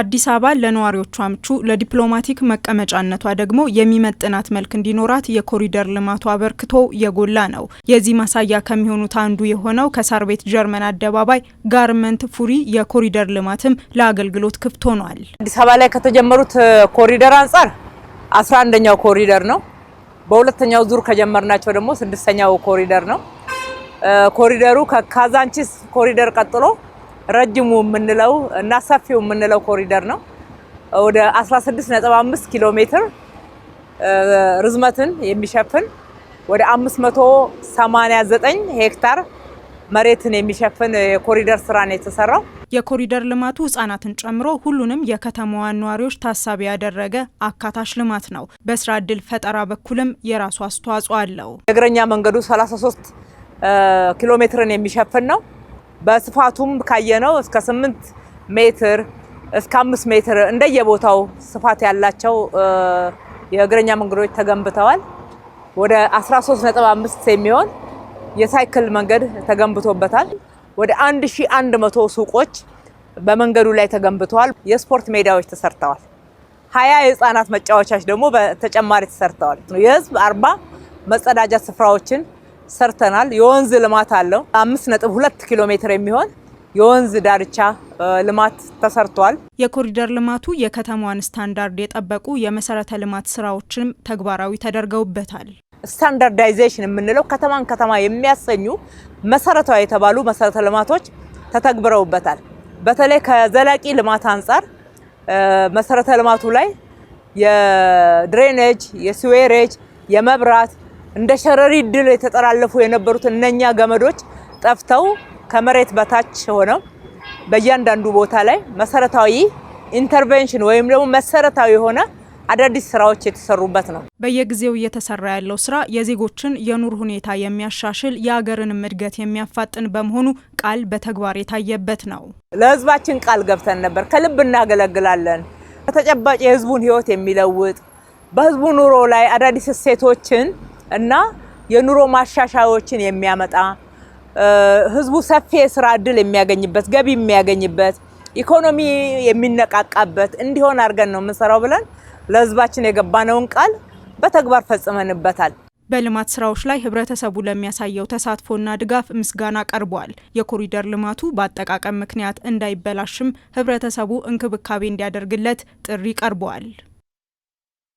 አዲስ አበባ ለነዋሪዎቿ ምቹ፣ ለዲፕሎማቲክ መቀመጫነቷ ደግሞ የሚመጥናት መልክ እንዲኖራት የኮሪደር ልማቱ አበርክቶ የጎላ ነው። የዚህ ማሳያ ከሚሆኑት አንዱ የሆነው ከሳር ቤት ጀርመን አደባባይ ጋርመንት ፉሪ የኮሪደር ልማትም ለአገልግሎት ክፍት ሆኗል። አዲስ አበባ ላይ ከተጀመሩት ኮሪደር አንጻር አስራ አንደኛው ኮሪደር ነው። በሁለተኛው ዙር ከጀመርናቸው ደግሞ ስድስተኛው ኮሪደር ነው። ኮሪደሩ ከካዛንቺስ ኮሪደር ቀጥሎ ረጅሙ የምንለው እና ሰፊው የምንለው ኮሪደር ነው። ወደ 16.5 ኪሎ ሜትር ርዝመትን የሚሸፍን ወደ 589 ሄክታር መሬትን የሚሸፍን የኮሪደር ስራ ነው የተሰራው። የኮሪደር ልማቱ ህጻናትን ጨምሮ ሁሉንም የከተማዋን ነዋሪዎች ታሳቢ ያደረገ አካታች ልማት ነው። በስራ እድል ፈጠራ በኩልም የራሱ አስተዋጽኦ አለው። የእግረኛ መንገዱ 33 ኪሎ ሜትርን የሚሸፍን ነው። በስፋቱም ካየነው እስከ 8 ሜትር እስከ አምስት ሜትር እንደየቦታው ስፋት ያላቸው የእግረኛ መንገዶች ተገንብተዋል። ወደ 13.5 የሚሆን የሳይክል መንገድ ተገንብቶበታል። ወደ 1100 ሱቆች በመንገዱ ላይ ተገንብተዋል። የስፖርት ሜዳዎች ተሰርተዋል። ሀያ የህፃናት መጫወቻዎች ደግሞ በተጨማሪ ተሰርተዋል። የህዝብ አርባ መጸዳጃ ስፍራዎችን ሰርተናል። የወንዝ ልማት አለው። አምስት ነጥብ ሁለት ኪሎ ሜትር የሚሆን የወንዝ ዳርቻ ልማት ተሰርቷል። የኮሪደር ልማቱ የከተማዋን ስታንዳርድ የጠበቁ የመሰረተ ልማት ስራዎችም ተግባራዊ ተደርገውበታል። ስታንዳርዳይዜሽን የምንለው ከተማን ከተማ የሚያሰኙ መሰረታዊ የተባሉ መሰረተ ልማቶች ተተግብረውበታል። በተለይ ከዘላቂ ልማት አንጻር መሰረተ ልማቱ ላይ የድሬኔጅ፣ የስዌሬጅ፣ የመብራት እንደ ሸረሪ ድል የተጠላለፉ የነበሩት እነኛ ገመዶች ጠፍተው ከመሬት በታች ሆነው በእያንዳንዱ ቦታ ላይ መሰረታዊ ኢንተርቬንሽን ወይም ደግሞ መሰረታዊ የሆነ አዳዲስ ስራዎች የተሰሩበት ነው። በየጊዜው እየተሰራ ያለው ስራ የዜጎችን የኑር ሁኔታ የሚያሻሽል የሀገርንም እድገት የሚያፋጥን በመሆኑ ቃል በተግባር የታየበት ነው። ለህዝባችን ቃል ገብተን ነበር። ከልብ እናገለግላለን። በተጨባጭ የህዝቡን ህይወት የሚለውጥ በህዝቡ ኑሮ ላይ አዳዲስ እሴቶችን እና የኑሮ ማሻሻያዎችን የሚያመጣ ህዝቡ ሰፊ የስራ እድል የሚያገኝበት ገቢ የሚያገኝበት ኢኮኖሚ የሚነቃቃበት እንዲሆን አድርገን ነው የምንሰራው ብለን ለህዝባችን የገባነውን ቃል በተግባር ፈጽመንበታል። በልማት ስራዎች ላይ ህብረተሰቡ ለሚያሳየው ተሳትፎና ድጋፍ ምስጋና ቀርቧል። የኮሪደር ልማቱ በአጠቃቀም ምክንያት እንዳይበላሽም ህብረተሰቡ እንክብካቤ እንዲያደርግለት ጥሪ ቀርቧል።